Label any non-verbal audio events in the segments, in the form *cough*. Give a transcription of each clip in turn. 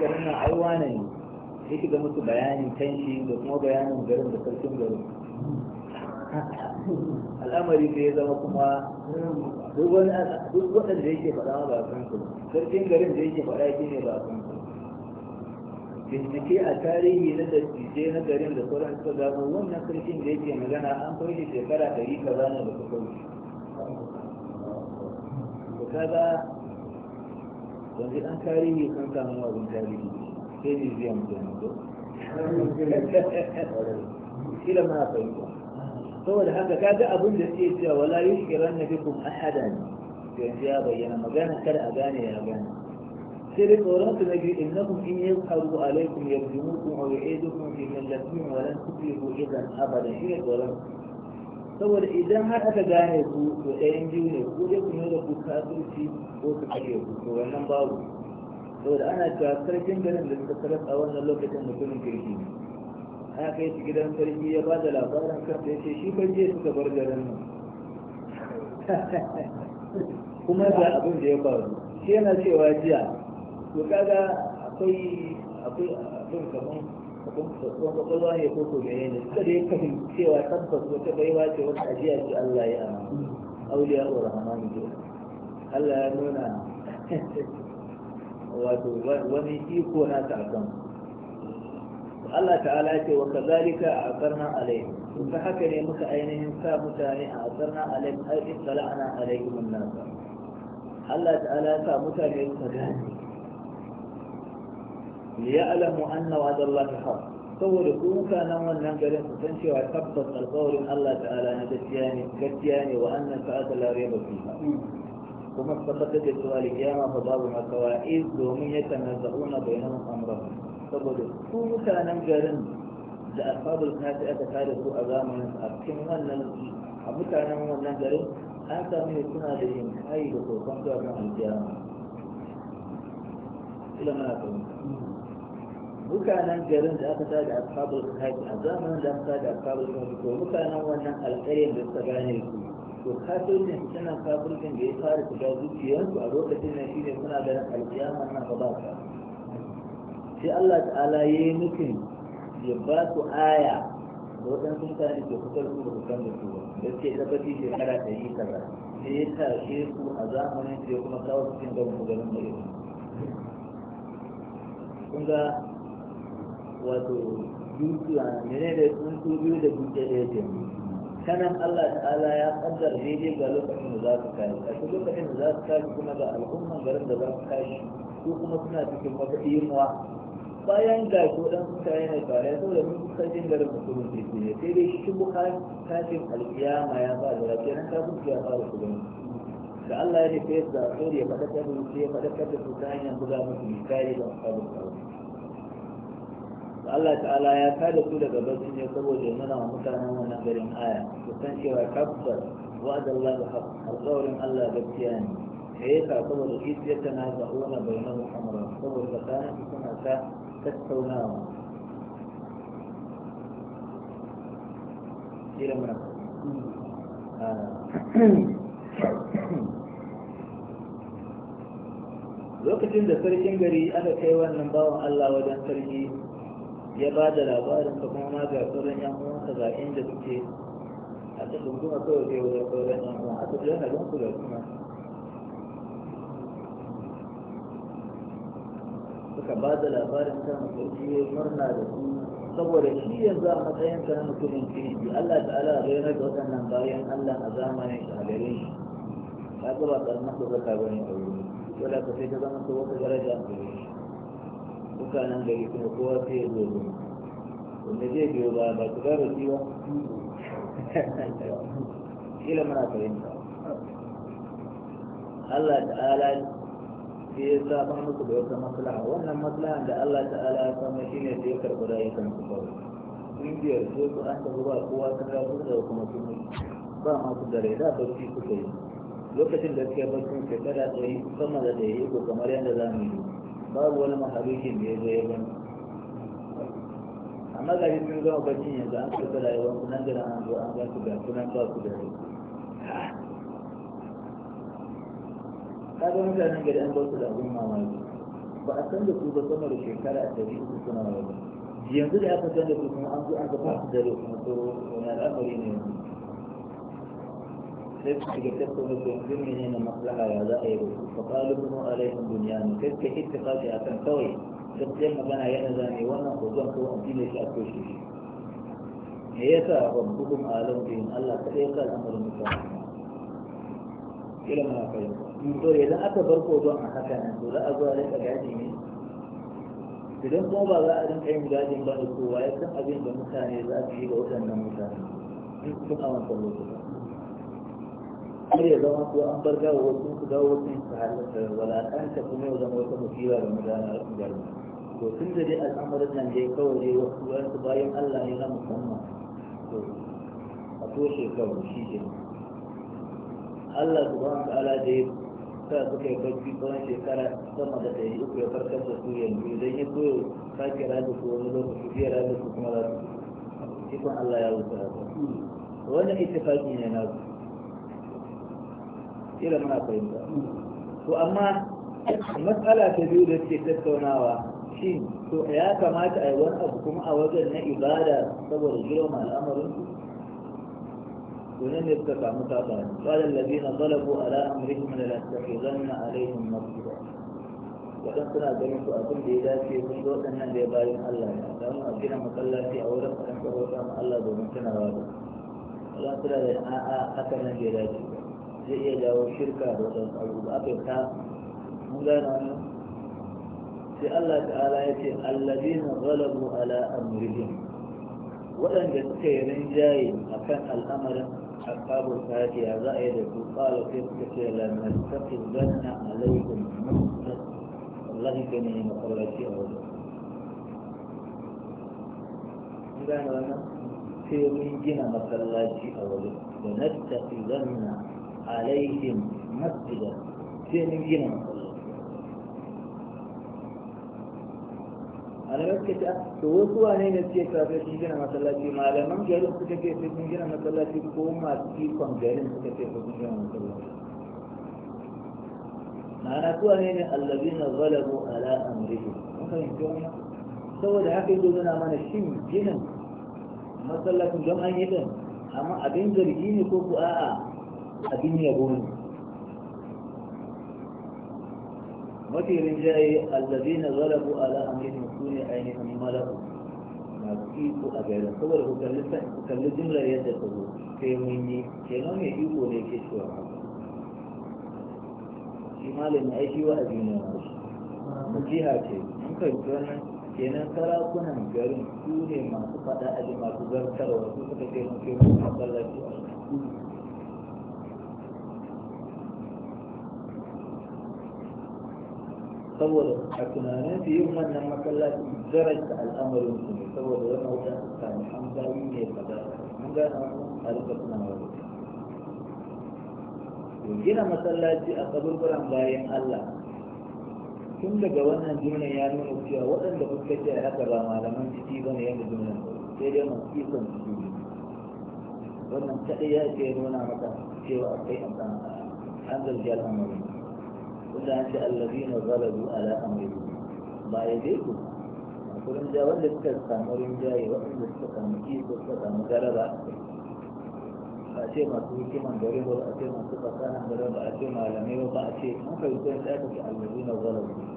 garin nan ai wane ne ya da musu bayanin kanshi da kuma bayanin garin da sarkin garin al'amari da ya zama kuma duk wani duk waɗanda yake faɗa ba su sarkin garin da yake faɗa shi ne ba san su bincike a tarihi na dattijai na garin da sauran suka gano wannan sarkin da yake magana an kai shekara ɗari kaza ne da suka wuce kaga yanzu ɗan tarihi kan samu abin tarihi sai ne zai mutu ne ko kila ma fahimta saboda haka kaga abin da suke cewa wala yushiran nabikum ahadan yanzu ya bayyana magana kada a gane ya gane sai dai tsoron su na biyu innakum in yi yazharu alaikum yarjumukum aw ya'idukum fi millatikum wa lan tuflihu idan abadan shi ne tsoron saboda idan har aka gane ku to ɗayan biyu ne ko dai ku nuna ku kafirci ko ku karye ku to wannan babu saboda ana cewa sarkin garin da suka taras a wannan lokacin mutumin kirki ne aka kai shi gidan sarki ya ba da labarin kansa ya ce shi fa suka bar garin nan *laughs* kuma ga abin da ya faru shi yana cewa jiya to kaga akwai akwai abin kaman babban kwakwalwa ne ko ko mene ne suka da ya fahimci cewa tabbas wata baiwa ce wata ajiya ce Allah ya amma auliya wa rahmanu ke Allah ya nuna *laughs* wato wani iko na ta akan Allah ta'ala ce wa kazalika a akarna alai ta haka ne muka ainihin sa mutane a akarna alai ai sala'ana alaikum annasa Allah ta'ala ya sa mutane su gane ليألم أن وعد الله حق تقول كون كان من ننجل فتنشي وعتبت القول أن الله تعالى نجتياني كتياني وأن الفعاد لا ريب فيها وما فقدت السؤال ياما فضاب ما كوائز دومي يتنزعون بينهم أمرهم تقول كون كان ننجل لأصحاب الناس أتفاده أغامنا أكيم من أبتعنا من ننجل أنت من يكون هذه الحيلة وقمت أبنى الجامعة إلى ما أكون mutanen garin da aka tada ashabul kafi a zamanin da aka tada ashabul kafi ko mutanen wannan alƙaryar da suka gane su to kafircin suna kafircin da ya fara shiga zuciyarsu a lokacin shi shine suna ganin alƙiyamar nan ba ba sai Allah ta'ala ya yi mutum ya ba su aya da waɗansu mutane ke fitar su da kusan da su da suke tabbaci shekara yi kaza sai ya tashe su a zamanin ya kuma kawo cikin gaban ganin da ya ga wato dukiya ne da tsuntsu biyu da dukiya da yake kanan Allah ta'ala ya kaddar daidai ga lokacin da za su kai a cikin lokacin da za su kai kuma ga al'umman garin da za su kai ko kuma suna cikin wata yunwa. bayan ga ko dan suka yana bare saboda mun kuka jin garin mutumin ke ne sai dai shi buka kafin alkiyama ya ba da rafi nan kafin ya ba su gani da Allah ya nufe da so ya faɗaƙar da su ya faɗaƙar da su ta hanyar buga musu misali da musamman Allah ta'ala ya kada su daga bakin ne saboda ya nuna wa mutanen wannan garin aya ku san cewa tabbas wa'adan Allah da alƙawarin Allah gaskiya ne da ya saboda isiyar ta na za'una bai na mu'amara saboda tsakanin su suna ta tattaunawa Kira mana. Ah. *coughs* Lokacin da sarkin gari aka kai wannan bawan Allah wajen sarki ya ba da labarin ka kuma ma ga sauran yan uwansa ga inda suke a ta dunguma kawai sai wajen sauran yan uwan a ta jiya na don ku da kuma suka ba da labarin kan sarki murna da su saboda shi yanzu a matsayin ka na mutumin kirki Allah ta'ala zai na da waɗannan bayan Allah a zamanin shi a gare shi ka ga ba ƙarnar da zaka bane a wuri wanda ka sai ka zama ta wata daraja a gare mutanen gari kuma kowa sai ya zo wanda zai biyo ba ba su gaba shi ba kila muna fahimta Allah ta'ala sai ya saba musu da wata maslaha wannan maslaha da Allah ta'ala ya samu shine sai ya karɓi rayukan su kawai sun biyar ko su an tafi ba kowa sun rafu da kuma sun ba masu da rai da bacci suka yi lokacin da suke baccin shekara ɗari sama da ɗari ko kamar yadda za mu yi babu wani mahalukin da ya zo ya gani amma ga sun gama bacin yanzu an kasa rayuwar ku nan da an zo an ba su ga kunan ba ku da rai kaga mutanen gari an ba su da abin mamaki ba a san da su ba sama da shekara a ɗari uku suna rayuwa yanzu da aka san da su kuma an zuwa an ga ba su da rai kuma to wani al'amari ne yanzu sai su shiga tattauna su yanzu mene na maslaha ya za a yi ba, fa kuma bunu alaihim ne kai ka ittifaqi akan kawai gaskiyar magana yana zane wannan hujjan ko an fili shi a toshe shi me yasa rabbukum alam bihim Allah kadai ka al'amarin mutane kila mana kai to idan aka bar kodon a haka nan to za a zo a rika gaji ne idan kuma ba za a rinka yin gadin ba da kowa ya san abin da mutane za su yi ga waɗannan mutane in sun awanta lokuta kar ya zama ko an bar gawo wasu ku dawo wasu su halatta wala an ta kuma ya zama wata musiba ga mutane garba to tun da dai al'amarin nan dai kawai dai wasu wasu bayan Allah ne na musamman to a toshe kawai shi ke Allah subhanahu wa ta'ala da ya sa suka yi barci tsawon shekara sama da ɗari uku ya farkar da su yanzu idan ya koyo sake rada su wani lokaci zai rada su kuma za su ikon Allah ya wuce haka wannan ittifaqi ne na su irin muna fahimta to amma matsala ta biyu da suke tattaunawa shi to ya kamata a yi wani abu kuma a wajen na ibada saboda girma al'amarin sunan ne suka samu sabani tsarin labi na zalabo a la'amarin kuma da lantarki zanna a laihin masu wadan suna ganin su abin da ya dace sun zo wadannan da ya bayan Allah ne a samu a gina masallaci a wurin karanta bauta ma Allah domin tunawa da Allah suna da a'a haka nan da ya dace زي جاو الشركة أو في الله تعالى الذين غلبوا على أمرهم وأن كثيرين جاي أكان الأمر أقاب الفاتحة زائدة قال في الكثير لما تقبلنا عليكم الله كنين مقرأتي أولا مدان عنه في من جنة مقرأتي أولا لنتقبلنا alaihim masjida, sai mun gina masallaci malamai suka ce to wasu wane ne suke kafin sun gina masallaci malaman garin suka ce sai sun gina masallaci ko masu ikon garin suka ce sai sun gina masallaci ma'ana su wane ne allazina zalabu ala amrihi mun fahimci wannan saboda haka yanzu nuna mana shin ginin masallacin don an yi din amma abin zargi ne ko ku a'a abin yabo ne mafi rinjaye allazi na zalabu ala amrin su ne ainihin malaku masu iko a gaira saboda ku kalli jimlar yadda ta zo sai mun yi kenan mai iko ne ke cewa shi malami aiki wa abin ne ma jiha ce mun kan wannan kenan sarakunan garin su ne masu fada a masu zartarwa su suka ce mun kai mun masallaci a تصور حكمانا في يوم أن المكلة زرجت الأمر منكم تصور وانا وجاء الثاني حمزة ويني القدر حمزة هذا كنا وجاء وجينا مسألة جاء قبل برام لايم الله ثم لقوانا جمنا يعني من أبتيا وأن لقد كتا هكذا ما لمن تتيبا يعني جمنا كيريا من تتيبا تتيبا وأن تأيها كيرونا مكا كيرا أبتيا أبتيا أبتيا أبتيا أبتيا أبتيا لانك الذين غلبوا على امرهم ما يديكم كلهم جاء ولد كذا مريم جاء وقت السكة مكيس السكة مجردة أشيء ما سويك من دريب ولا أشيء ما سبق كان من دريب أشيء ما لم يوقع أشيء ما في يكون ذلك في الذين ظلموا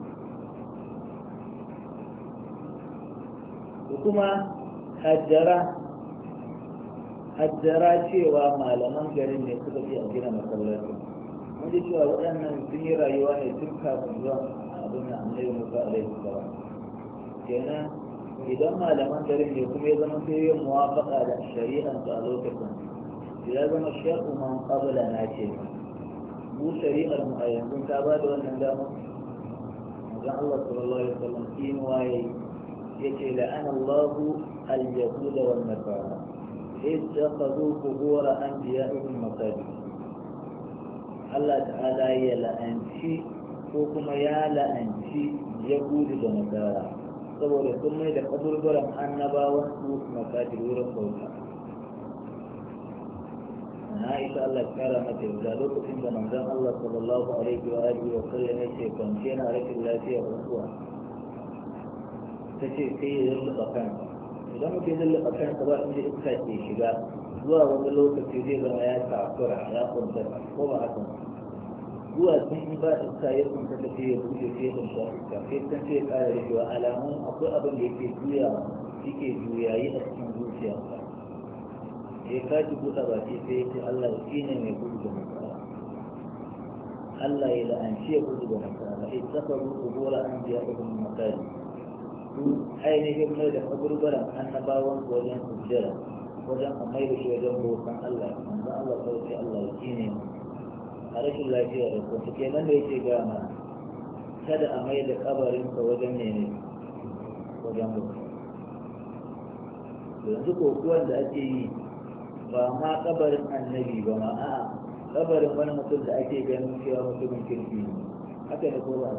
وكما هجرة هجرة شيء وما لم يجرم يكتب في أجرام الله mun ji cewa waɗannan sun yi rayuwa ne tun kafin zuwa abin da annabi musa alaihi salam kenan idan malaman garin ne kuma ya zama sai yin muwafaqa da shari'an su a lokacin ya zama shar'u man qabla na ce mu shari'ar mu a yanzu ta ba da wannan damar manzon Allah sallallahu alaihi wasallam kin waye yace la'ana Allahu al-yahuda wan nasara إذ اتخذوا قبور أنبيائهم مساجد Allah ta'ala ya la'anci ko kuma ya la'anci yahudu da nasara saboda sun mai da kaburburan annabawa su makajir wurin bauta na isa Allah kara mata da lokacin da manzon Allah sallallahu alaihi wa alihi wa sallam ya ce kwance na rashin lafiya uwa ta ce sai ya lulluɓa kansa idan mutum ya lulluɓa kansa ba inda iska ke shiga zuwa wani lokaci zai zama ya takura ya kunta ko ba haka zuwa sun yi ba iska ya kunta ta ya buɗe sai da shi iska sai kan ce ƙara rikewa alamun akwai abin da yake juya yake juyayi a cikin zuciyarsa ya kaji buɗa baki sai ya ce Allah ya shi ne mai gudu da nasara Allah ya la'anci ya gudu da nasara ya tsaka ruku bora an biya ɗaukun makari ainihin mai da kaburbaran annabawan wajen sujjara wajen mai da shi wajen bokan Allah da Allah ta ce Allah ya kine a rashin lafiya da kuma suke nan da yake ga ma kada a mai da kabarin ka wajen ne ne wajen bokan yanzu kokuwan da ake yi ba ma kabarin annabi ba ma a kabarin wani mutum da ake ganin cewa mutumin kirki ne haka ne ko ba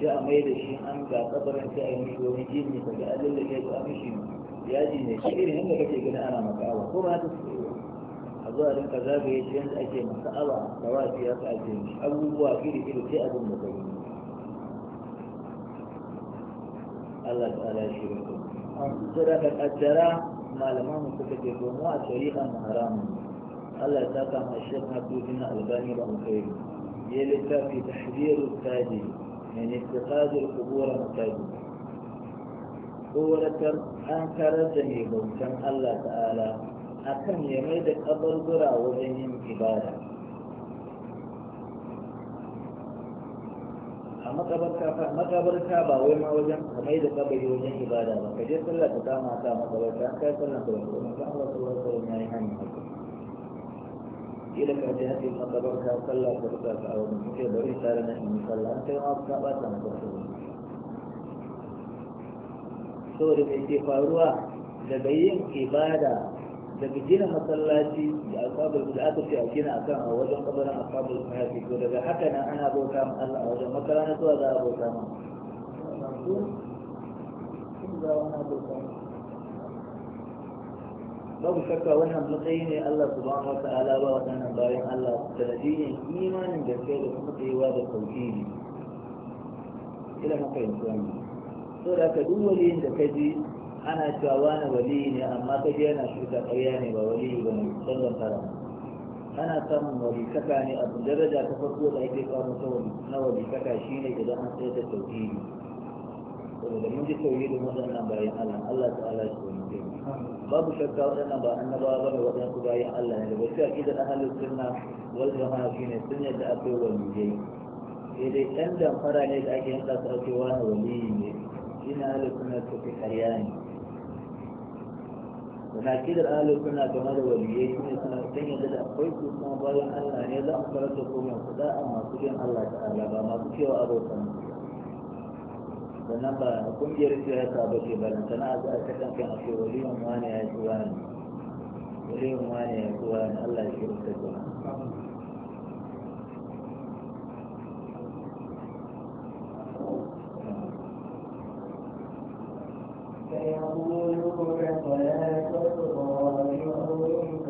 sai a mai da shi an ga kabarin sai a yi shi wani jini ka ga alalla ne ko a mishi ne yaji ne shi irin yadda kake gani ana maka'awa ko ba ta su a zuwa rinka zagaye shi yadda ake maka'awa da wafi ya sa ake mishi abubuwa iri iri sai abin da kai Allah ta'ala ya shirin ku sai da ka kaddara malaman mu suka ce ko mu a shari'a mu haramu Allah ya saka mu shi na tudin albani ba mu kai ya littafi tahdirul sajid yani istiqadul qubur masajid tsoratar an karar da mai bautan Allah ta'ala akan ya mai da kaburbura wajen yin ibada a makabarta ba wai ma wajen ka mai da kabari wajen ibada ba ka je sallah ka kama ka makabarta an kai sallah ka wani kuma kan Allah sallallahu alaihi wasallam yayi hanya haka ila ka je hakin makabarta sallah ka ruka ka a wani kuke bari tare na in sallah an kai ma ka ba ta makabarta kawai da ke faruwa da yin ibada daga gina masallaci da asabar da aka ce a gina a kan a wajen kabarin asabar kafi ko daga haka nan ana bauta ma Allah a wajen makaranta zuwa za a bauta ma babu shakka wannan matsayi ne Allah subhanahu ta'ala ba waɗannan bayan Allah da sanadiyyar imanin gaske da kuma tsayuwa da tauhidi ila maka yanzu so da ka duk waliyin da ka ji ana cewa wani waliyi ne amma ka ji yana shuka ƙarya ne ba waliyi ba ne canzan fara ana samun walikaka ne abu daraja ta farko da ake samu ta na walikaka shine idan an tsaye da tauhidi saboda mun ji tauhidin waɗannan bayan Allah Allah ta'ala shi ne babu shakka waɗannan ba annabawa bane waɗansu bayan Allah ne da wasu aqidar ahlus sunna wal jama'a shine sunna da aka yi wa sai dai ɗan damfara ne da ake yanka su ake wani waliyi ne shine ahlus sunna suke karya ne na kidar ahlus sunna game da waliyai shine suna san yadda da akwai su kuma bayan Allah ne za a fara da ko mai kuɗa a masu bin Allah ta'ala ba masu cewa abokan sannan ba kungiyar siyasa ba ce ba sana'a za a kasan kan a ce waliyan wani ya ci wani waliyan wani ya ci wani Allah ya shirka da رسولك فلا تطغى بأمرك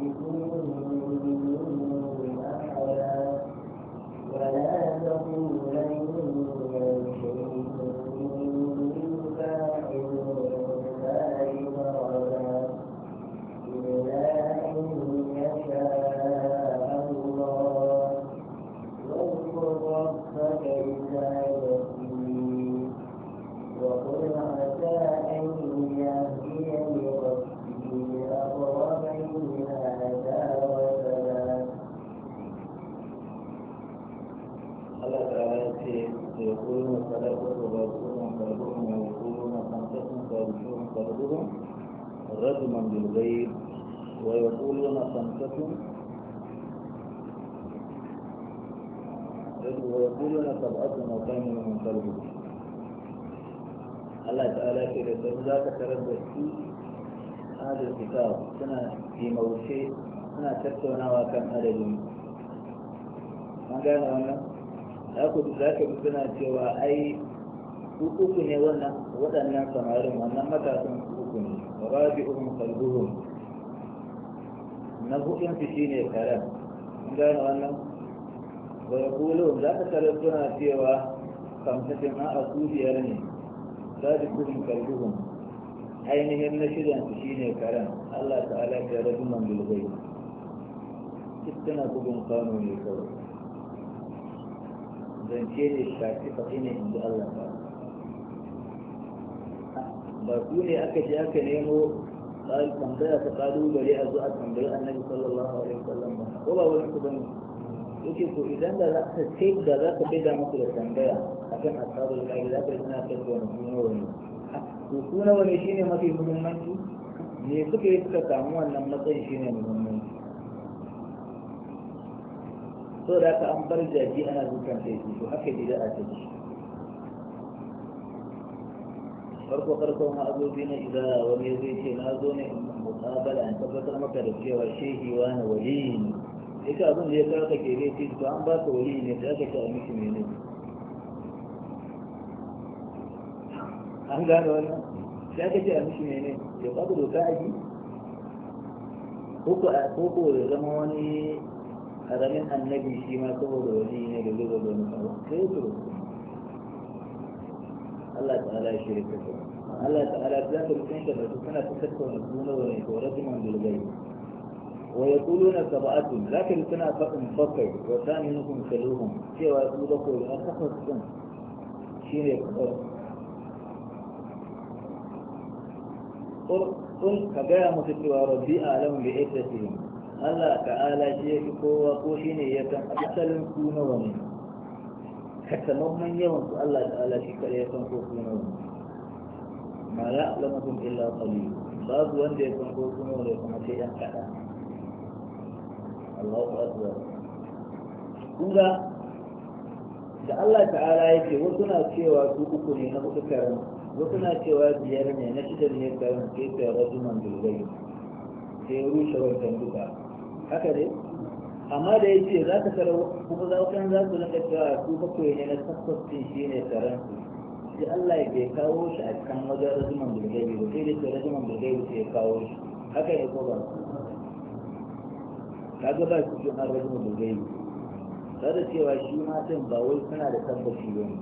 Thank you. waɗannan samarin wannan matasan uku ne wa rabi uku kalbuhun na hudun su shine karen in gane wannan wa ya kulu za ka tarar suna cewa kamsatin a a su biyar ne rabi kudin kalbuhun ainihin na shidan su shine karen Allah ta'ala ya rabu man bilgai tana bugun kwano ne kawai zance ne shafi faɗi ne inda Allah ta'ala ba su ne aka ce aka nemo tambaya ta kalubale a zuwa tambayi annabi sallallahu alaihi wasallam ba ko ba wani ku ne. yake ko idan da za ka ce da za ka bai da muku da tambaya akan ashabul kafi za ka yi suna kai wani suna wani to suna wani shine mafi muhimmanci me suka yi suka samu wannan matsayin shine muhimmanci so da ka an bar jaji ana zukan sai to haka gida bid'a take farko farkon ma'azobi na idara wani zai ce na zo ne in mutabala in tabbatar maka da cewa shehi na wali ne ita abin da ya kawo ka ke zai ce to an ba ka wali ne ta ka ta miki mene an gane wannan ta ka ce a miki mene ya kwaku doka aji ko a koko zama wani karamin annabi shi ma saboda wali ne da zai zo wani kawo sai to الله تعالى يشرك الله تعالى ذات الكون كما تكون تكتب ونكون ونكورات من الغيب ويقولون سبعتهم لكن كنا فقط فقط وثاني منكم كلهم شيء ويقول لكم لا تخص كن شيء يكبر قل قل كبير مسكي وربي أعلم بعثتهم الله تعالى شيء يكبر وقوشيني يتحسل كون ونكورات takamaiman yawan su Allah ta'ala shi kare ya san ko kuma ma la alamakum illa qalil babu wanda ya san ko nawa da kuma sai yan kada Allahu akbar kunga da Allah ta'ala yake wasu na cewa su uku ne na uku karan wasu na cewa biyar ne na shida ne karan sai ta rajuman bilgai sai rushe wancan duka haka dai amma da yake za ka tara kuma za ka za ku rinka cewa su bakwai ne na tabbas din shi ne taron sai Allah ya ke kawo shi a kan wajen rajiman bulgari ba sai da rajiman bulgari ya kawo shi haka ne ko ba kaga ba su na rajiman bulgari da cewa shi ma din ba wai suna da tabbaci ba ne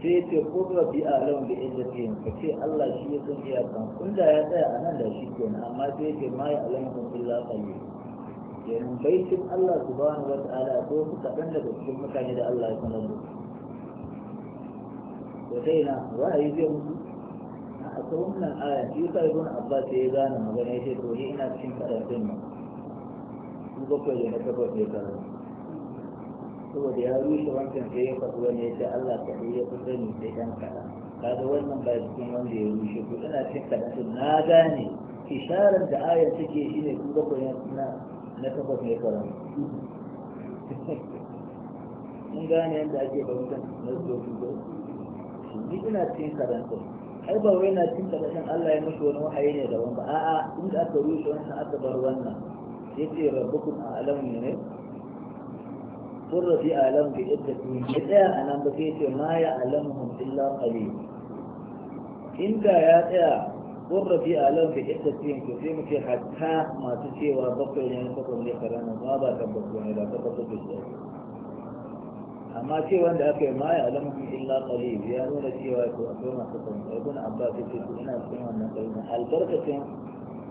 sai ce ko ba bi a lawan da inda ke ka ce Allah shi ya san iyakan kun da ya tsaya a nan da shi kenan amma sai ce ma ya alamu kun illa qalil domin baitin Allah subhanahu wa ta'ala ko su kaɗan daga cikin mutane da Allah ya sanar da su sai na yi zai Na a ta wannan aya shi ka abba sai ya gane magana ya ce to ni ina cikin karatun nan su bakwai da na takwas ne karatu saboda ya rushe wancan sai ya faɗi wani ya ce Allah yi ya fi sani sai ɗan kaɗan kaga wannan ba cikin wanda ya rushe ko ina cikin karatun na gane isharar da ayar take shine su bakwai na na takwas ne karami in gane yadda ake bautan na zuwa ba shi ina cin karanta ai ba wai na cin karatun Allah ya mutu wani wahayi ne daban ba a'a inda aka rushe wannan aka bar wannan ce ya yace a a'lamu ne a alamun da bi iddati ya tsaya a nan ba sai ce ma ya alamuhum illa lafali. inda ya tsaya قر في آلام في إحدى السين كثيرة حتى ما تشي وبقي يعني فقط لقرانا ما بعد بقوني لا فقط بشيء أما شيء وند أكي ما يعلمهم إلا قليل يا نور شيء وأكو أكونا فقط يكون عباس في سنة سنة نقلنا البركة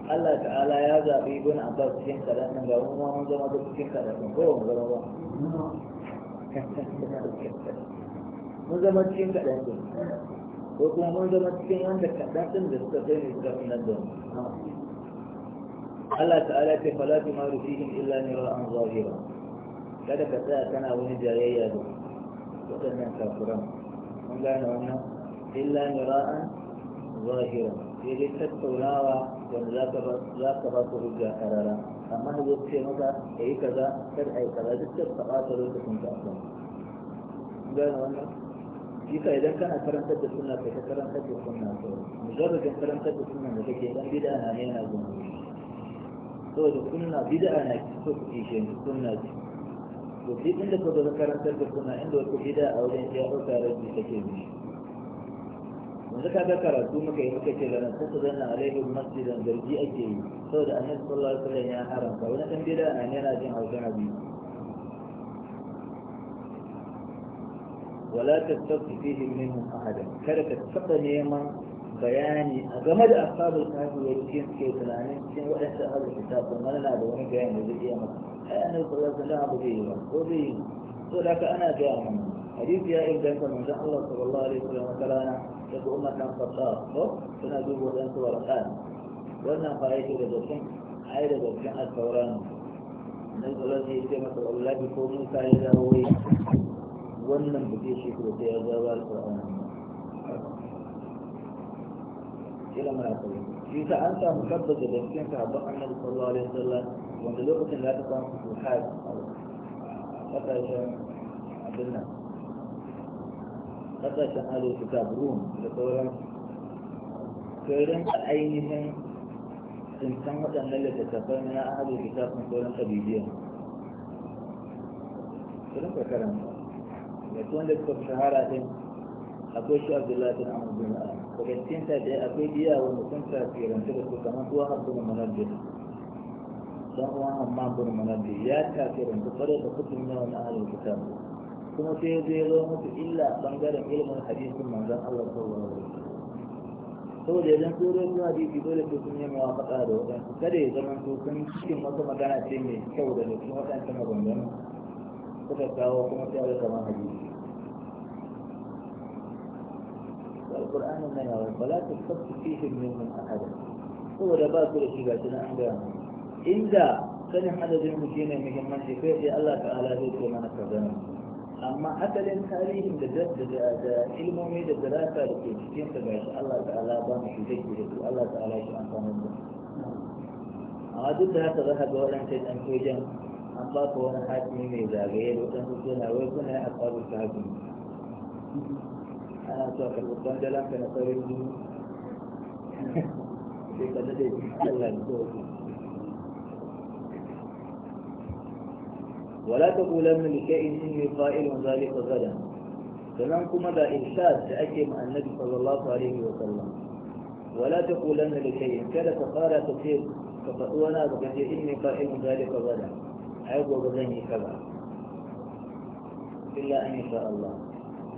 Allah ta'ala ya zaɓi ibn Abbas cikin kaɗan nan ga kuma mun zama duk cikin kaɗan nan ko mun zama ba mun zama cikin kaɗan nan ko kuma mun zama cikin wanda kaɗan ɗin da suka kai ne suka fi nan da Allah ta'ala ce fala bi ma rufihim illa mira'an zahira kada ka tsaya kana wani jayayya da waɗannan kafiran mun gane wannan illa mira'an zahira sai dai tattaunawa wanda za ka ba su hujja karara amma da zo ce maka ka yi kaza kada a yi kaza duk ta faɗa ta lokacin ka a kan gane wannan yasa idan kana karantar da sunna kai ka karantar da ka mujarrajin karantar da sunna da kake dan bid'a na ne yana zuwa saboda sunna bid'a na so ku yi shi sunna ce to duk inda ka zo karantar da sunna inda wata bid'a a wajen ya dauka rabi take bi yanzu ka ga karatu muka yi muka ce lana sassa zanna alaihim masjidan zargi ake yi saboda annabi sallallahu alaihi wasallam ya haramta wani dan bid'a na ne yana jin hausa biyu ولا تتوقف فيه منهم أحدا كذا تتفق نيما بياني أقام هذا أصحاب القائمة يجين كي تلعنين كين وإحسى هذا الكتاب وما لنا هذا وما قائمة ذي قيامة أنا أخلص الله أبدي إيمان أبدي ولك أنا قائمة حديث يا إبدا كما جاء الله صلى الله عليه وسلم وقال أنا يقول أمة كان فتار فنا دوب وزنك ورقان وانا قائد لدوكين عائد لدوكين الفوران نزل الله يجب أن تقول الله بكورو سائده ويجب wannan ba zai shekaru sai ya jawo alƙur'ani kila mara kawai shi ta an samu tabbas da cikin sahabban annabi sallallahu alaihi wasallam wanda lokacin da ta samu fuhad a ƙasashen abin nan ƙasashen ado ta rum da sauran sauran ainihin tsintan waɗannan littattafai na ado kitab sun sauran kabibiyar. Surin ka karanta. ga wanda suka fi shahara ɗin, akwai shi abdullahi bin amr bin al daga cikin ta dai akwai biya wa mutum tafiranta da su kamar uwa abdul manabbi dan uwa amma bin manabbi ya tafiranta kwarai da kudin na wani ahalin kitab kuma sai zai zo musu illa bangaren ilimin hadisin manzon Allah sallallahu alaihi wasallam saboda idan tsoron zuwa hadisi dole sai sun yi mawa muwafaqa da wadansu kada ya zama to sun cikin wata magana ce mai kyau da kuma wadansu maganganu suka kawo القرآن من يوم فلا تصدق فيه من أحد هو دبا كل شيء قاتل عن جامع إذا كان حدث المشينة من من شفيه الله تعالى ذلك ما نتظن أما حتى لنساليهم لجد لأداء علم وميد الدراسة الله تعالى بان الله تعالى شو أنت منه عادل لها تظهر بولا شيء أنكو أطلق هنا حاكم ولا تقول أن لكائن إني قائل ذلك غدا فمن كما ذا إرشاد تأكم النبي صلى الله عليه وسلم ولا تقول أن لكائن فقال تقارى تقيل وأنا بكثير إني قائل ذلك غدا ai gobe zan yi kaza illa an insha Allah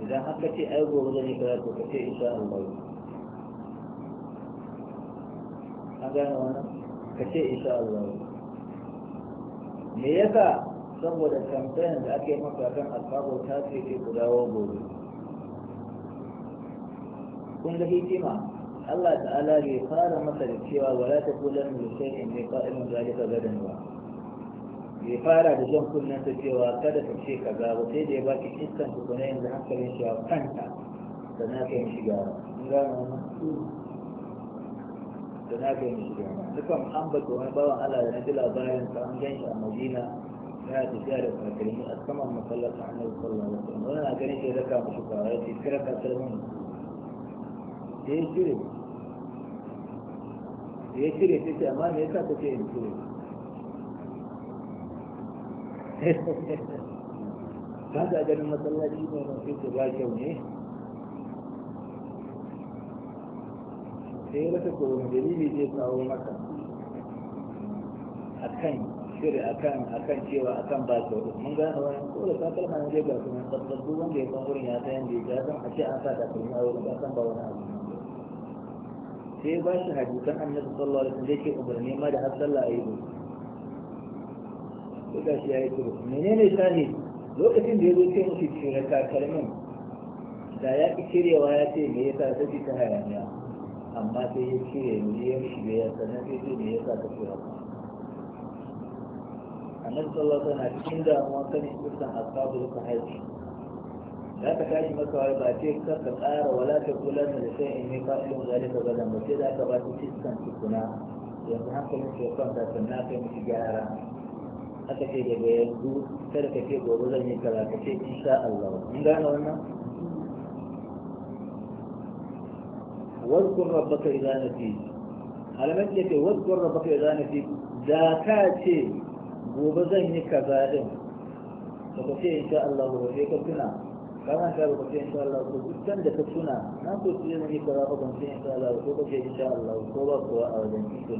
idan haka ce ai gobe zan yi kaza to ka ce insha Allah an gane wannan ka ce insha Allah me yasa saboda tambayan da ake maka kan alfabo ta ce ke ku dawo gobe kun ga hikima Allah ta'ala bai fara masa da cewa wala ta kulan da shay'in ne qa'imun zalika gadan ba ya fara da jan kunnen ta cewa kada ta ce kaza ba sai da ya baki iskan ku kuma yanzu hankalin shi a kanta sannan ka yi shiga in gano na kai mishi shiga dukkan an bata wani bawan Allah da na ji labarin sa an gan shi a Madina yana tafiya da kakarni a saman masallata annabi sallallahu alaihi wasallam wani na ganin shi raka mashi kwara ya ce kira kasar mun sai ya cire sai ya cire ta ce amma me yasa ta ce ya yi cire ba ga ganin masallaci ne na sai ba kyau ne sai ya rasa ko wani dalili zai kawo maka A kan shiri a kan cewa akan ba kyau mun gane wani ko da ka kalma ne ga kuma tsabbu wanda ya san wurin ya san yanda ya san a ce an sa da kuma wurin ba san ba wani abu sai ba shi hadisan annabi sallallahu alaihi wasallam da ke umarni ma da a yi ayi su ga shi ya yi turu menene shahid lokacin da ya zo ce musu cire takalmin da ya ki cirewa ya ce me yasa ta ta hayaniya amma sai ya cire ne ya shiga ya sanar sai ce me yasa ta cire annabi sallallahu alaihi wasallam cikin damuwa kan kusan ashabu suka haifi za ka tashi maka wani ba ce kar ka tsara wala ta kula da sai in ne fa'ilun zalika gadan ba sai da aka ba ta iskan tukuna yanzu hankalin shekwan da sannan kai mutu gyara aka ce daga yanzu kada ka ke gobe zan yi karatu ce insha Allah mun gane wannan wazkur rabbaka idza nafi alamat yake wazkur rabbaka idza nafi da ka ce gobe zan yi kaza din ka ka ce insha Allah ba sai ka tuna kana ka ka ce insha Allah ko duk da ka tuna na ko zan yi kaza ko ban ce insha Allah ko ka ce insha Allah ko ba ko a wajen kike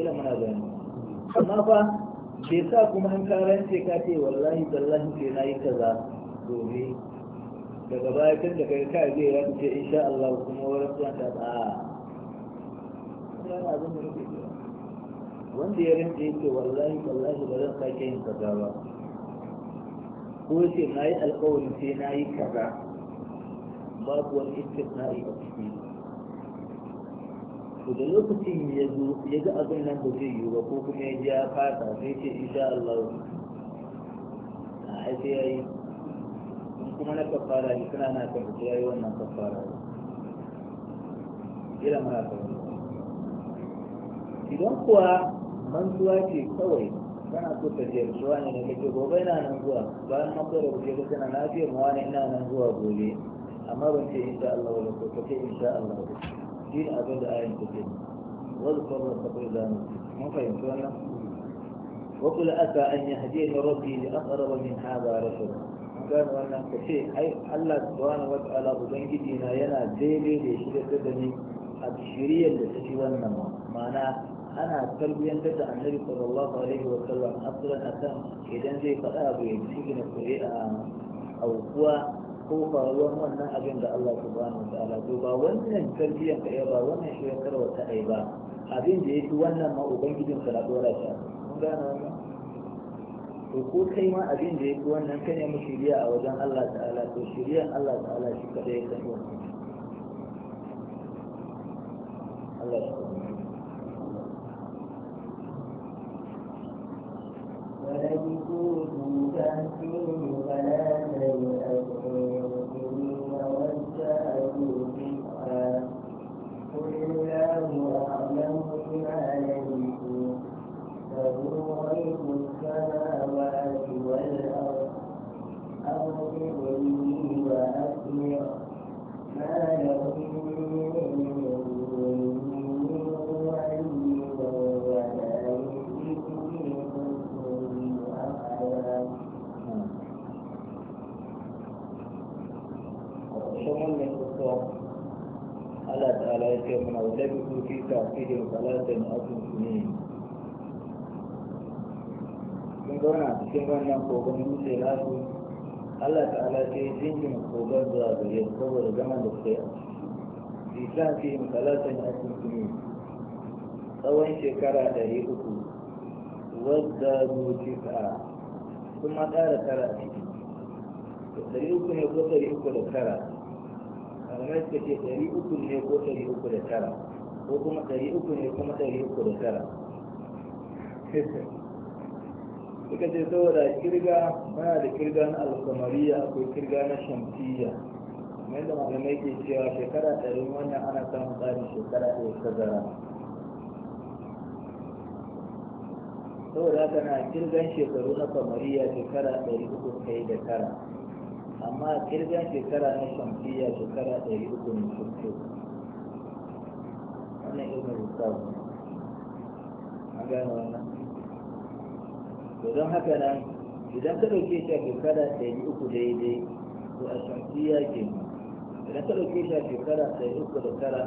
ila muna gani amma fa bai sa kuma an karan ce ka ce wallahi tallahi sai na yi kaza gobe daga baya tun da kai kai zai ya ce insha Allah kuma wurin tuwan ta a wanda ya rinke ce wallahi wallahi ba zan sake yin kaza ba ko ce na yi alkawarin sai na yi kaza babu wani istisna'i a cikin to da lokacin ya zo ya ga abin nan ba zai yi ba ko kuma ya ji ya fata sai ce insha Allah a haifi ya yi in kuma na kafara ne suna na karfi ya yi wannan kafara ne kira mara karfi idan kuwa mantuwa ce kawai kana so ka ziyarci wani ne da ke gobe ina nan zuwa bayan mako da ka kusa na lafiyar mu wani ina nan zuwa gobe amma ban ce insha Allah ba ko ce insha Allah ba shi abin da ayin take وقل أتى أن يهديني ربي لأقرب من هذا رسول كان وانا كشيء أي الله سبحانه وتعالى وبنجدنا ينا ديلي لشيء تدني الشريعة التي تشيوانا معناه ana tarbiyyantar da annabi sallallahu alaihi wa sallam asalan akan idan zai faɗa abu ya ci gina kuri a aukuwa ko faruwar wannan abin da Allah subhanahu wa ta'ala to ba wannan tarbiyyar ka ba wannan shekarar wata ai ba abin da yake wannan ma ubangijin ka na dora shi mun wannan to ko kai ma abin da yake wannan ka ne mu shiriya a wajen Allah ta'ala to shiriyan Allah ta'ala shi kadai ya san Allah subhanahu ولا يكونوا كافرين ولا تيأسوا عليكم فهو غيب السماوات والأرض أغفر لي وأسمع ما لهم من ولبثوا في كافهم ثلاثا أجل سنين kun zauna a cikin wannan kogon dutse nasu Allah ta'ala ce jingina kogon zuwa gare saboda zaman da suka yi a fi yin talatan a cikin tsawon shekara ɗari uku wadda zuci kuma ƙara tara a ciki uku ne ko ɗari uku tara malamai suka ce ɗari uku ne ko ɗari uku da tara ko kuma ɗari uku ne kuma ɗari uku da tara *laughs* suka ce saboda kirga muna da kirga na alkamariya akwai kirga na shamsiyya kamar yadda malamai ke cewa shekara ɗari wannan ana samun tsarin shekara ɗaya tazara saboda haka na kirgan shekaru na kamariya shekara ɗari uku kai da tara amma kirgan shekara na shamfiya shekara ɗari uku ne shirke wannan ilmin lissafi an gane wannan to don haka nan idan ka ɗauke shi a shekara ɗari uku daidai to a shamfiya ke idan ka ɗauke shi a shekara ɗari uku da tara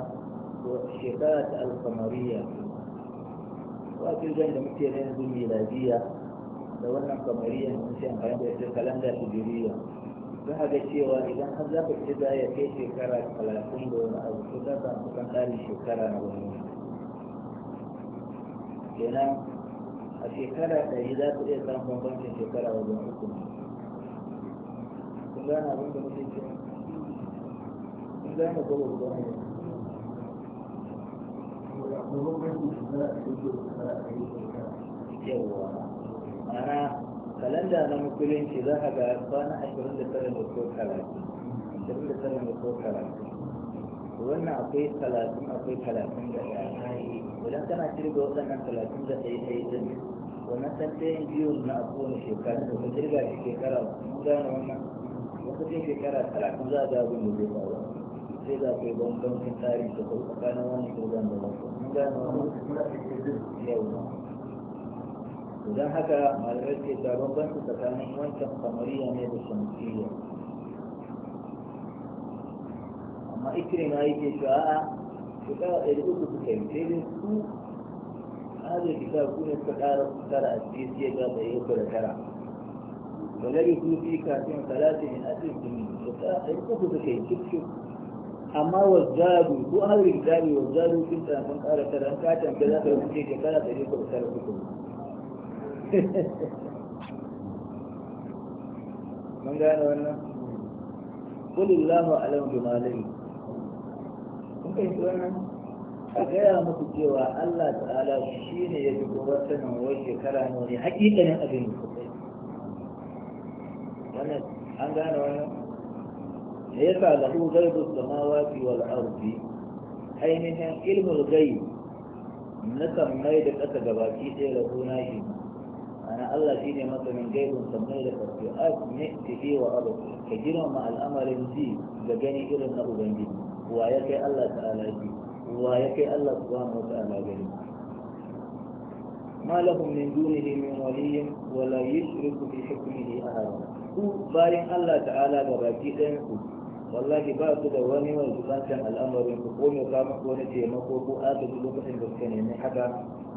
to shekara ta ko wa kirgan da muke na yanzu miladiya da wannan kamariya mun ce amfani da ita kalanda hijiriya za a ga cewa idan har za ka ci ya kai shekara talatin da wani abu ko za ka kan ɗari shekara na wani kenan a shekara ɗari za ka iya samun bambancin shekara wajen uku kun abin da muke cewa kun yawwa ma'ana kalanda na musulunci za a ga kwana ashirin da da ko da ko wannan akwai talatin akwai talatin da ɗaya idan kana kirga waɗannan talatin da ɗaya ta ɗin wannan ɗan ɗayan biyu na a shekara da ka kirga shi shekara mun gane wannan wata shekara talatin za a ga abin da zai faru sai za ka yi bambancin tarihi da tsakanin wannan kirgan da wannan mun gane wannan إذا حكى على الرزق سابقا فكان وانت قمريا ميد الشمسية أما إكرم أي شيء شاء فكاء الأوت بكين هذا الكتاب كون استقار ترى السيسية قد يوكر ترى ولدي كل في كاتين ثلاثة من أسل الدمين فكاء الأوت بكين كيف شو أما وزادوا هو هذا الكتاب وزادوا كنت أنا فنقار ترى كاتين كذا فنقار ترى كذا فنقار ترى *laughs* mun gane wannan kulillahu alam malami wannan a gaya muku cewa Allah ta'ala shi ne ya fi gobar sanin wai shekara nawa ne hakikanin abin da kuka wannan an gane wannan da ya sa lahu gaibu samawati wal na kan mai da ƙasa gabaki ɗaya shi ma'ana Allah shi ne masanin gaibin sannan da karfi azmi tihi wa abu ka ma al'amarin ji da gani irin na ubangiji wa ya kai Allah ta'ala ji wa ya kai Allah subhanahu wa ta'ala ma ما لهم من دونه من ولي ولا يشرك في حكمه أحدا ku bayan Allah ta'ala ga baki ɗayansu wallahi ba su da wani wani zubancin al'amarin ku ko mai kama ko na taimako ko agaji lokacin da suka nemi haka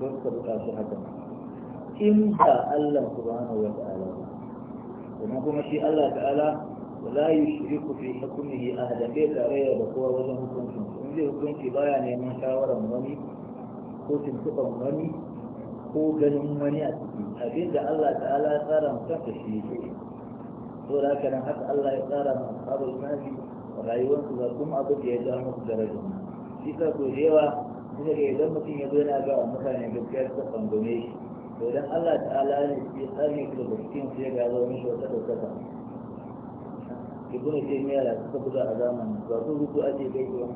don suka buƙaci haka in ba Allah subhanahu wa ta'ala kuma kuma shi Allah ta'ala la yushriku fi hukmihi ahada bai tarayya da kowa wajen hukuncin in zai hukunci baya neman shawaran wani ko tuntuɓan wani ko ganin wani a ciki abin da Allah ta'ala ya tsara masa shi yake to da haka nan haka Allah ya tsara masa ashabul mahdi rayuwarsu ga kuma abin da ya ja musu daraja shi ka so da yawa kuma da idan mutum ya zo yana ga mutane gaskiya ta tsangome shi to idan Allah ta'ala ne ya tsare da daga cikin sai ga zo mishi wata dokaka ibnu taymiya da suka buga a zamanin ba su rubu ake kai ba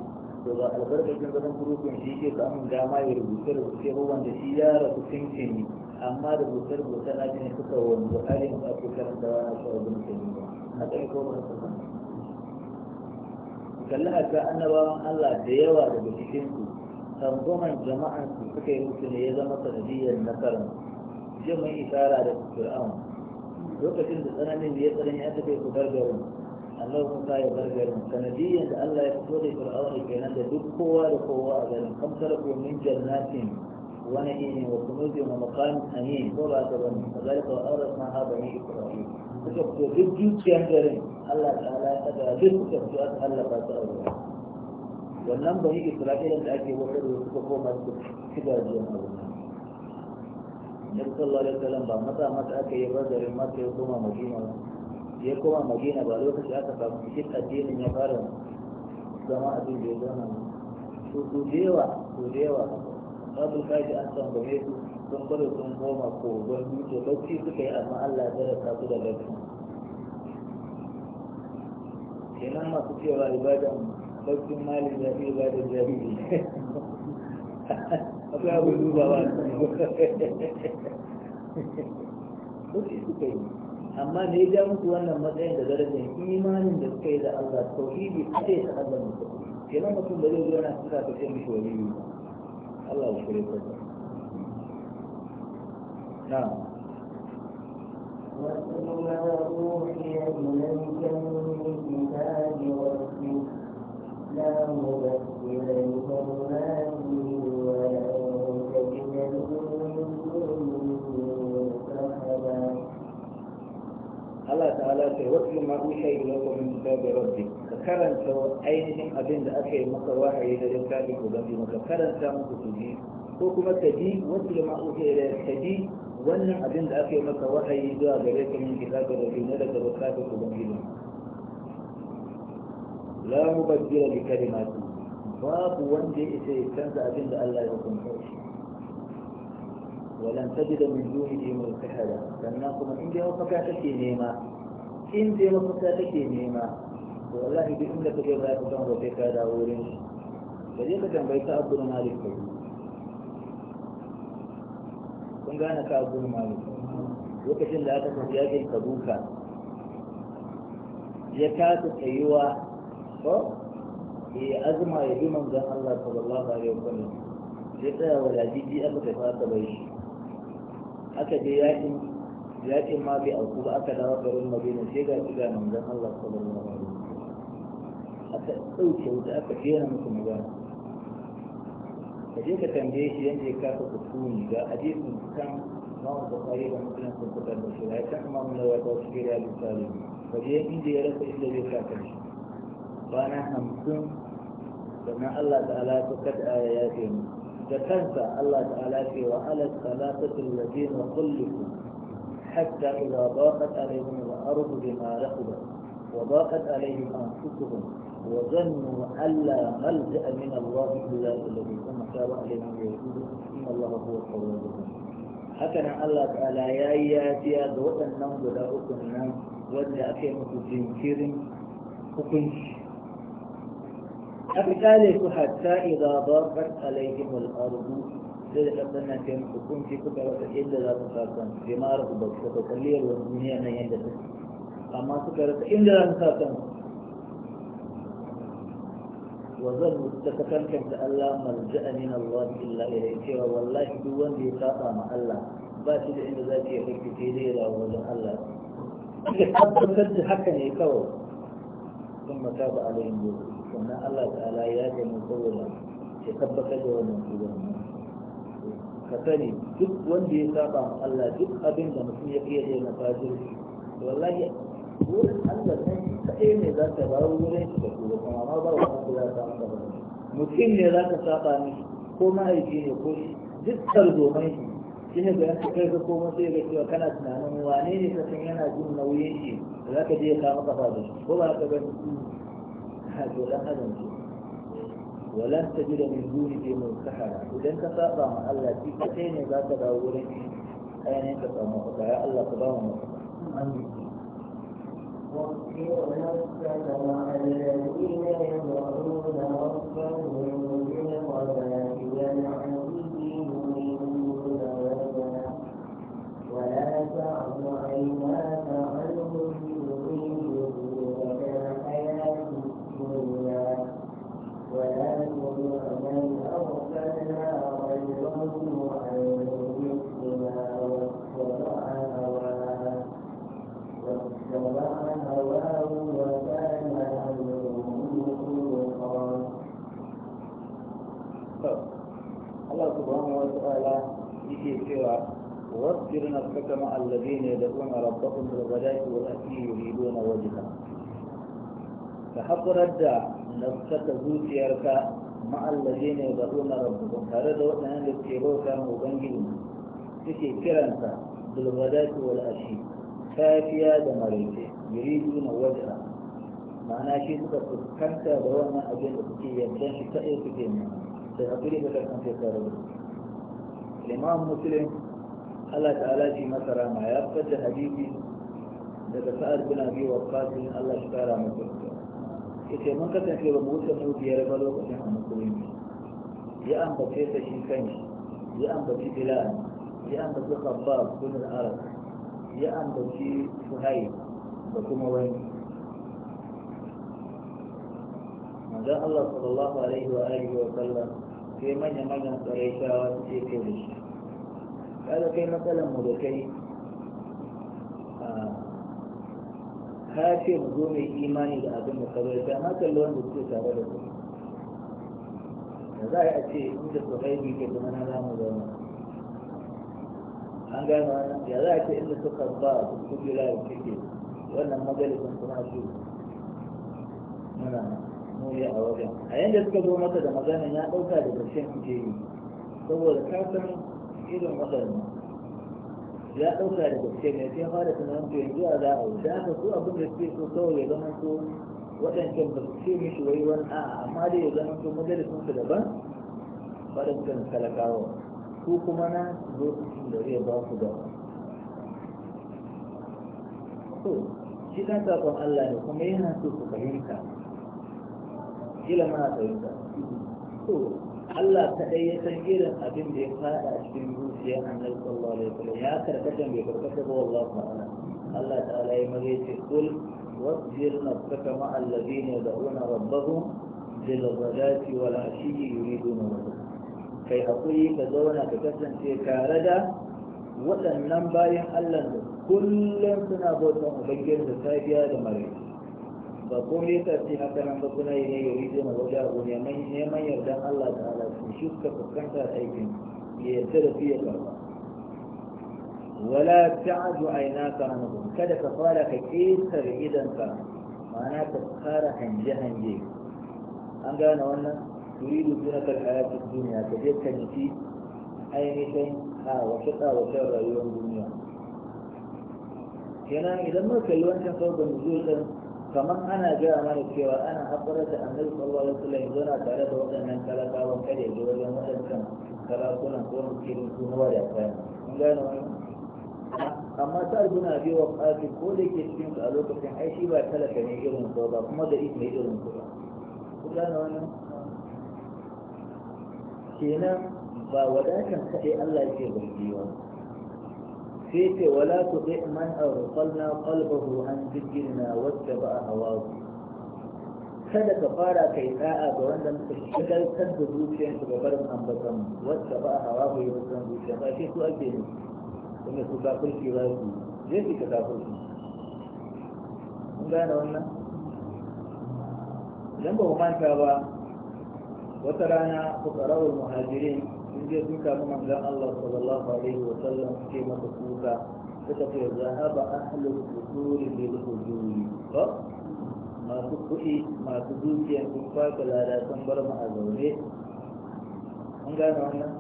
to ba albarkacin zaman kurukun shi ke samun dama ya rubuce rubuce ko wanda shi ya rasu cincin amma da rubuce rubuce na ne suka wani bukari a cikin da wani shi ibnu taymiya a kai ko ba su kalli a ga annabawan Allah da yawa daga cikin su tangoman jama'an su suka yi mutu ne ya zama sanadiyar nasarar je mai isara da fir'aun lokacin da tsananin ya tsanani ya tafi ku gargarin Allah kun sa ya gargarin sanadiyyar da Allah ya fito da fir'aun kenan da duk kowa da kowa a garin kamtar ko min jannatin wani ne wa kuma kunuzi wa maqam amin ko ba ta bane kazalika wa awrasna ha bani isra'il suka fito duk dukiyar garin Allah ta'ala ya tsada duk ku fito allah ba su a wurin wannan bani isra'ila da ake wakar suka koma suka shiga jiyan a wurin nabi sallallahu alaihi wasallam ba matsa masa aka yi bazarin masa ya koma madina ya koma madina ba lokaci aka samu cikin addinin ya fara zama abin da ya zama su su da su da babu kashi an tambaye su sun bari sun koma kogon dutse lokaci suka yi amma allah ya rasa su da lafi kenan masu cewa ibadan lokacin malin zafi ibadan jahili *laughs* akwai abin dubawa kuɗi suka yi amma ne ya ja wannan matsayin da darajar imanin da suka yi da Allah tauhidi ce ta Allah mutum kenan mutum da zai zo suka ta ce mishi wani yi Allah ya shirya ta na وَإِنَّا أُوحِيَ إِلَيْكَ مِنْ الْكِتَابِ لَا مُبَدِّلَ لِكَلِمَاتِهِ Allah ta'ala ta wasu ma usha yi lako min kitabi rabbi ka karanta ainihin abin da aka yi maka wahayi da littafin ubangi maka karanta muku su ji ko kuma ka ji wasu ma usha yi ka ji wannan abin da aka yi maka wahayi zuwa gare ka min kitabi rabbi na daga littafin ubangi la mubaddila li kalimati babu wanda ya isa ya canza abin da Allah ya hukunta shi ولم تجد من دونه ملتحدا فالناقم من عندي ربك اتتي نيما انت ربك اتتي نيما والله بإمنا تجيب لا يكون ربك داور فليك كان بيت أبو المالك كن كان كأبو المالك وكتن لا تكون في أجل كبوكا يكاد أيوة ف هي أزمة يجمع من الله صلى الله عليه وسلم جدا ولا جدي أبو كفار aka je yaƙin yaƙin ma bai auku ba aka dawo garin madina sai ga shiga manzon Allah sallallahu alaihi wasallam aka ɗauke wuta aka jera musu magana ka je ka tambaye shi yadda ya kafa kusuri ga hadisin kan mawa bukari da mutum sun fitar da shi ya kan mamu da wata wasu kira misali ka je inda ya rasa inda zai sa kan shi kwana hamsin sannan Allah ta'ala ta kada ya yafe mu da kansa Allah ta'ala ce wa ala salatati alladhina kullukum hatta idza daqat alaihim al-ard bima rahabat wa daqat alaihim anfusuhum wa dhannu alla malja'a min Allah illa ilayhi kuma shaba alaihim yaqulu inna Allah huwa al-qawiyyu haka nan Allah ta'ala yayi yafiya ga wadannan guda uku nan wanda ake yi musu jinkirin hukunci أبتالك حتى إذا ضربت عليهم الأرض سيدك أبتالنا كم تكون في كتب إلا لا تخاطن في مارك بكتب وقليل ومنية نيان جدك أما سكرت إلا لا تخاطن وظل متكفا كم تألا ملجأ من الله إلا إليك والله دوان بيقاطع مع الله باتل إلا ذاتي حكي تيري لا وجه الله حتى تكد حكا يكوه ثم تاب عليهم ثم الله تعالى يا جميع سولا يثبت لهم من ka sani duk wanda ya saba Allah duk abin da mutum ya fiye da na fajirci wallahi wurin Allah nan shi kaɗai ne za ta dawo wurin shi da kuma kuma ba wani abu za ta maka ba mutum ne za ka saba ni ko ma'aiki ne ko shi duk tarzoman shi shi ne bayan ka kai ka koma sai ga cewa kana tunanin wane ne ka san yana jin nauyin shi هناك دي كان تفاضل هو هذا هذا ولن تجد من دونه ملتحدا اذا انت تقرا مع الله في كتين اذا تداولك اين انت تقرا مع الله الله تبارك وتعالى ولا تعظ عيناك عنهم ويكون من أرسلنا غيره عن مثلنا واتبع هواه واتبع هواه Allah wa cewa wasbir nafsaka ma alladhina yad'una rabbahum bil ghadati ka haƙurar da naskata zuciyarka ma'allaje ne da una rabu tare da waɗannan da ke bauta mu ubangiji suke kiransa bilbadatu wal ashi safiya da maraice yuridu na wajra ma'ana shi suka fuskanta da wannan abin da suke yarda shi ta ɗaya suke ne da haƙuri da kan sai tare da imam muslim Allah ta'ala shi masara ma ya fitar da hadisi daga sa'ad bin abi waqqas Allah shi kara masa yace mun kasance ba mu san mu biyar ba lokacin a musulmi ya ambace ta shi kanshi ya ambaci bila ya ambaci khabba kun al-arab ya ambaci suhay da kuma wani manzon Allah sallallahu alaihi wa alihi wa sallam sai manyan manyan tsaraitawa suke kai da shi kada kai matsalan mu da kai kafin ce mu zo mai imani da abin da kawai ta haka lawan da suke tare da su da za a yi a ce inda su haibi ke kuma na zamu zama an gama ya za a ce inda su karba su kubi layu suke wannan magalisin kuma su muna muni a wajen a yadda suka zo mata da maganin ya ɗauka da gaske suke saboda kasan san irin waɗannan ya ɗauka da gaske ne sai fara tunanin to yanzu a za a wuce haka su abin da suke so kawai ya zama su waɗancan ba su ce mishi wai wani a'a amma dai ya zama su majalisun su daban waɗancan talakawa su kuma na lokacin da zai ba su daban. To, shi kan saƙon Allah ne kuma yana so su fahimta, kila mana fahimta. To, Allah kadai ya san irin abin da ya faɗa a cikin zuciyar annabi sallallahu alaihi wasallam ya karkata bai karkata ba wallahi ta'ala Allah ta'ala ya mage ce kul wasbir nafsaka ma alladhina yad'una rabbahum bil ghadati wal ashi yuriduna wajha kai hakuri ka zauna ka kasance tare da waɗannan bayan Allah da kullum suna bautan ubangiji da safiya da maraice ba komai yasa sai haka nan ba kuna yi ne ya yi zai wajen abu neman yardan Allah ta ala su shi suka fuskanta da aikin ya yarda da su ya karba wala ta'adu aina ka hannu kada ka fara ka ƙetare idan ka ma'ana ka fara hanje-hanje an gane wannan turidu duna karkayatun duniya ka je ka nufi ainihin a wasu ƙawashen rayuwar duniya kenan idan muka kalli wancan sauƙin zuwa kamar ana gaya mana cewa ana haɓar da annabi sallallahu alaihi wasallam yanzu na tare da waɗannan talakawan kada ya wajen waɗancan talakunan ko mutum su na da kai mun gane wani amma ta guna bi wa kafi ko da ke cikin a lokacin ai shi ba talaka ne irin ko ba kuma da ne irin ko ba kun gane wani kenan ba wadatan kaɗai Allah yake burgewa sai ce wala tu bi man arsalna qalbahu an dhikrina wattaba'a hawahu kada ka fara kai da'a ga wanda muka shagaltar da zuciyar su ga barin ambatan wacce ba hawa bai wasan zuciya ba shi su ake ne kuma su kafirci ba su zai fi ka kafirci mun gane wannan idan ba ku manta ba wata rana fukarawar muhajirin in je duka samu manzon Allah sallallahu alaihi wa sallam suke masa kuka suka ce zahaba ahlul usuli bil ujuri ba masu kuɗi masu dukiya sun fata lada sun bar mu a zaune an gane wannan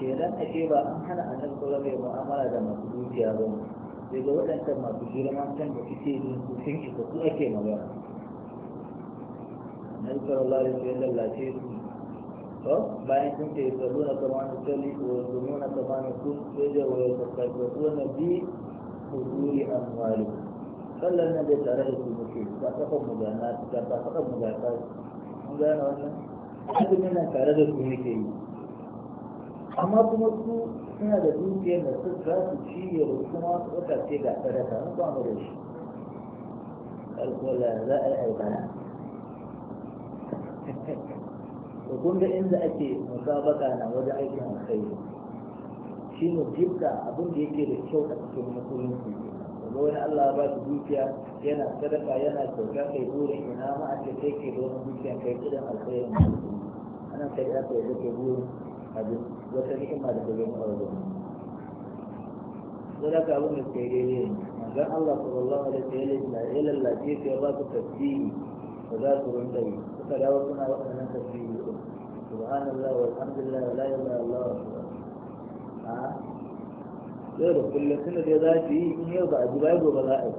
kenan ake ba an hana a nan kula mai mu'amala da masu dukiya ba daga waɗanda masu girman can da suke yin su sun isa su ake magana annabi sallallahu alaihi wa sallam lace su bayan sun ce yasalluna kama nusalli wa wa bi huduri bai tare da su muke ba kafan mu ga ta na tare da su muke yi amma kuma su suna da dukiyar da su za su ci ya rufu ma su ɗauka ce ga sadaka mun ba mu da shi alkola za a yi aibana *laughs* to kun ga inda ake musabaka na wajen aikin alkhairi shi ne jibda abin da yake da kyau a cikin musulunci kuma wani Allah ba su dukiya yana sadaka yana kyauta kai burin ina ma a ce kai ke da wani dukiya kai irin alkhairin musulunci ana kai da aka da kai burin abin wata ni'ima da ta gani a wajen sadaka abin da kai daidai ne manzon Allah sallallahu alaihi wa sallam ya lallace ya ba su tasbihi ba za su rinka yi تلاوتنا وأننا تسجيلكم سبحان الله والحمد لله لا إله إلا الله وحده ها كل سنة يا ذاتي إن يوضع جبايب وغلائب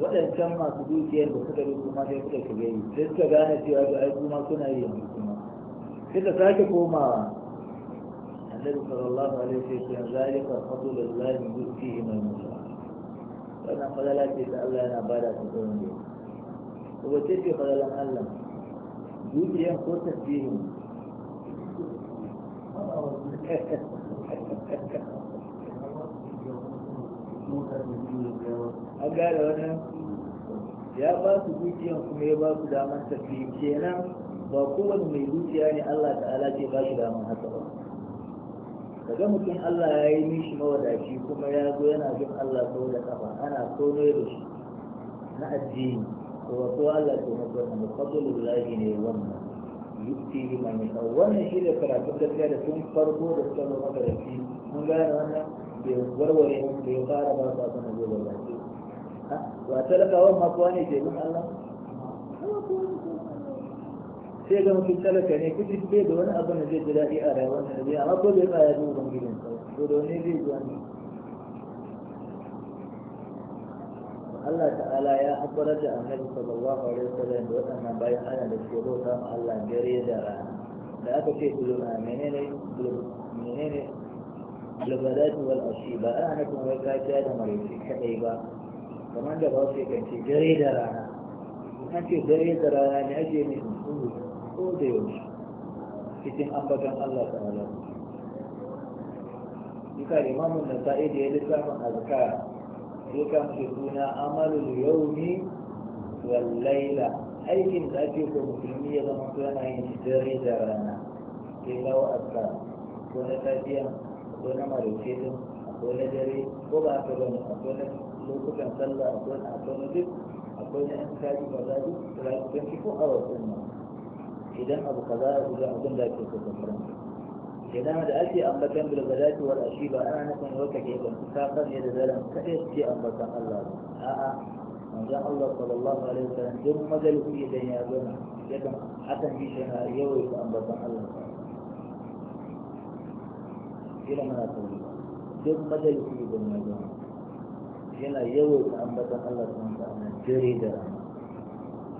ولا كم ما تدوك يا بخدر وما تدوك كبير تسكى بانتي وأبعيب وما كنا أيام بكما كده ساكك وما النبي صلى الله عليه وسلم ذلك فضل الله من يؤتيه من يشاء وأنا فضلاتي سأل الله أن أبارك وتنجي وبتلك فضل الله dukiyar ko tasbihin A gane wannan ya ba su dukiyar kuma ya ba su damar tasbihin kenan ba kowane mai dukiya ne Allah ta'ala ke ba shi damar haka ba kaga mutum Allah ya yi mishi mawadaci kuma ya zo yana bin Allah sau da kafa ana tono da shi na addini wasu Allah ke masu wannan fadlul lahi ne wannan ne man yasha wannan shi da karatun gaskiya da tun farko da suka zo makaranti mun gane wannan bai warware mun bai fara ba sa da lafiya wa talakawan ma kuwa ne ke bin Allah sai ga mutum talaka ne kuɗi bai da wani da zai ji daɗi a rayuwar da zai amma ko bai sa ko da wani zai Allah ta'ala ya haƙurar da annabi sallallahu alaihi wasallam da waɗannan bayan ana da ke bauta ma Allah dare da rana da aka ce kuluna menene menene albadat wal ashi ba ana nufin wai kafiya da maraice kadai ba kamar da ba su kan ce dare da rana an ce dare da rana ne ake ne ko da yaushe cikin ambatan Allah ta'ala. Ika imamun nasa'i da ya littafin azkar يكفرون عمل اليوم والليلة aikin da ake ko musulmi ya zama su yana yin dare da rana sai kawo aska ko na safiya ko na marauce din ko na dare ko ba ka gani ko na lokutan sallah ko na ko na duk akwai na yan kaji ba za duk da ko a wasu idan abu kaza ya guda abin da ake so ka إنما الآتي أمبكان بالغلات والأشيبة أنا نكون وكك إذا انتفاقا إذا ذلك كفيتي أمبكان الله آه، آه. من جاء الله صلى الله عليه وسلم يوم مدل في يدين يا بنا يدن حتى في شهر يوم أمبكان الله إلى ما نقول يوم مدل في يدين يا بنا هنا يوم أمبكان الله سبحانه وتعالى جريدا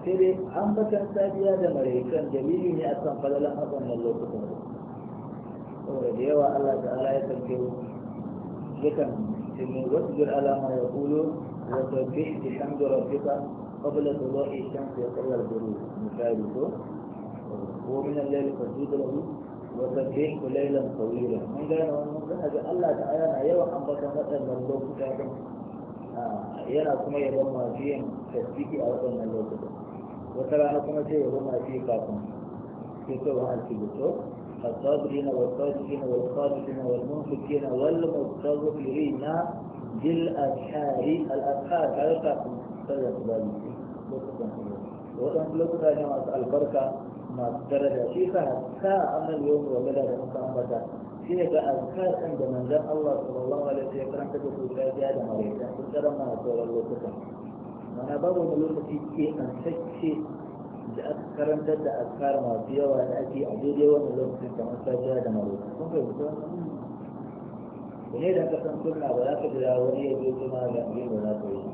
سيري أمبكان سابيا دمريكا جميلين أسان فلا لحظا من سبحانه saboda da yawa Allah ala ya sauke yakan tilmi wasbir ala ma yaqulu wa sabbih bihamdi rabbika qabla tulu'i shamsi wa qabla al-ghurub misali ko wa min al-layli fasjud lahu wa sabbih laylan tawila mun gane wannan za ga Allah ta'ala na yawan ambatan waɗannan lokuta din yana kuma yabon masu yin tasbiki a waɗannan lokuta wata rana kuma sai yabon masu yi kafin sai kawai الصابرين والصادقين والصادقين والمنفقين والمستغفرين بالأسحار الأسحار كذلك سيد ذلك وأن لقد نعمة البركة ما درجة شيخة حتى أن اليوم وبلا رمك أمتا شيخ أذكار عند من ذا الله صلى الله عليه وسلم تدخل كاجة آدم عليه وسلم ترى ما أقول الله كتب أنا بابا ملوك في أن تكشي da aka karantar da askar masu yawa da ake a daidai wani lokacin kamar safiya da marauta kun fahimta ku ne da kasan sunna ba za ka jira wani ya zo kuma ga abin da za ka yi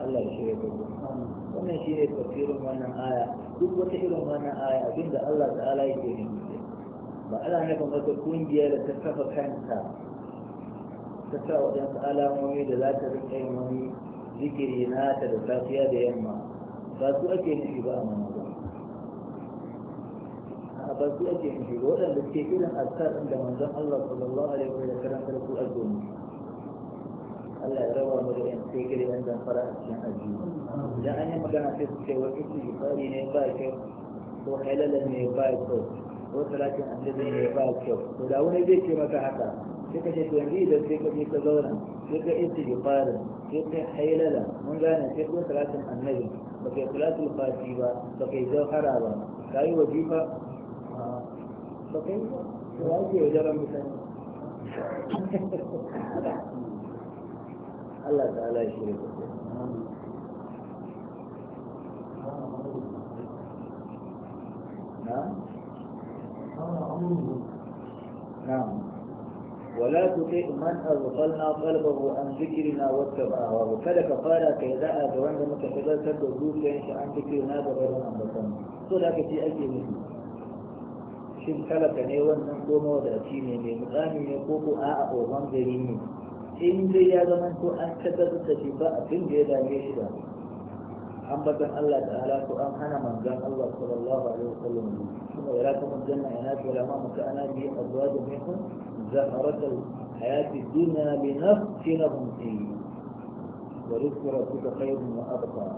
Allah ya shirya kuma wannan shi ne tafsirin wannan aya duk wata irin wannan aya da Allah ta'ala yake nufi ba ana nufin wata kungiya da ta kafa kanta ta sa waɗansu alamomi da za ta rinƙa yin wani zikiri na ta da safiya da yamma ba su ake nufi ba a manzo a ba su ake nufi ba waɗanda ke irin azkar da manzon Allah sallallahu alaihi wa sallam da su azumi Allah ya raba mu da yan sigiri yan dan a cikin ajiyu idan an yi magana sai su ce wani istighfari ne ba kyau ko halalan ne ba kyau ko salatin annabi ne ba kyau to da wani zai ce maka haka sai ka ce to yanzu idan sai ka je ka zauna sai ka istighfarin sai ka hailala mun gane sai ka salatin annabi ba kai salatul fati ba ba kai jauhara ba ka yi wajifa ba kai ya ce wajen mutane Allah ta'ala shi ne نعم نعم ولا تطع من أغفلنا قلبه عن ذكرنا واتبع هواه kada ka fara kai da'a ga wanda muka shigartar da zuciyar shi an zikirna da bayan ambaton so da ka ce ake nufi shin talaka ne wannan ko mawadaci mai mukami ne ko ko a'a oban gari ne in dai ya zama ko an tabbatar da shi ba a da ya dame shi ba ambaton Allah ta'ala ko an hana manzon Allah sallallahu alaihi wasallam kuma ya raka mun زهرة الحياة الدنيا لنفتنهم فيه ورزق ربك خير وأبقى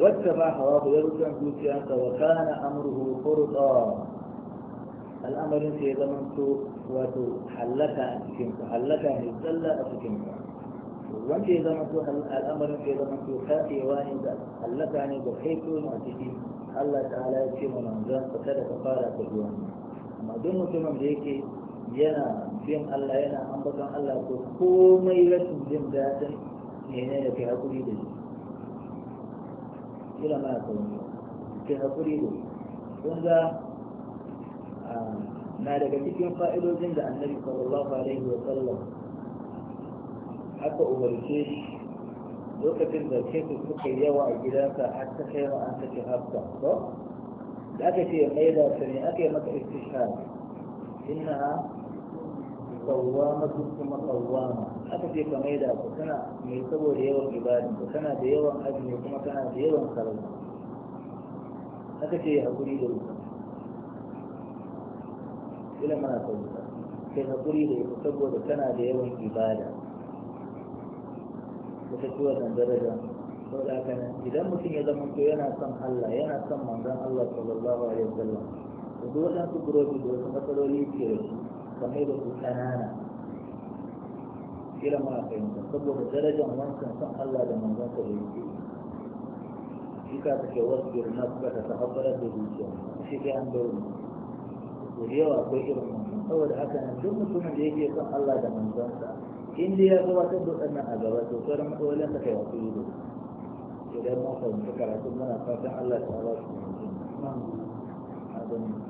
واتبع حواه يرجع دوتي أنت وكان أمره فرطا الأمر أنت إذا منت وتحلك أتكنت حلك هزل أتكنت وانت إذا منت الأمر أنت إذا منت خاتي وانت حلك عن بحيث أتكنت الله تعالى يكفي من ونمزان فكذا فقال أتجوان ما دون مكمم ليكي yana bin Allah yana ambaton Allah ko komai rashin jin daɗin menene kai hakuri da shi kila ma ka wani kai hakuri da shi kun ga na daga cikin fa'idojin da annabi sallallahu alaihi wa sallam aka umarce shi lokacin da ke su suka yawa a gidansa har ta kai wa an sake hafta ko da aka ce mai da sani aka yi maka istishhad inna قوامة ثم قوامة حتى في قميدة وكنا ميتبو ليو عباد وكنا ديو أجن وكما كنا ديو خلق حتى في هكولي دو إلى ما أقول في هكولي دو كتبو وكنا ديو عبادة وكتبو أن درجة ولكن إذا ممكن يضمن كيانا سم الله يانا سم من الله صلى الله عليه وسلم ودوشان تقرأ في دوشان تقرأ لي كيرو صحيح الحنانة إلى ما فهمت تبلغ درجة ممكن صح الله لما ذاك اليوتيوب إذا تكوّت برنبكة تحضرت بالجنة إشي في عن دولة وليوا بيئر من أول حسنا ثم ثم يجي صح الله لما ذاك إن دي أغوى تبدو أن أغوى تبقر مقولا تكوّت بيئر إذا ما فهمت فكرة ثم نفاتح الله تعالى في نعم. الجنة هذا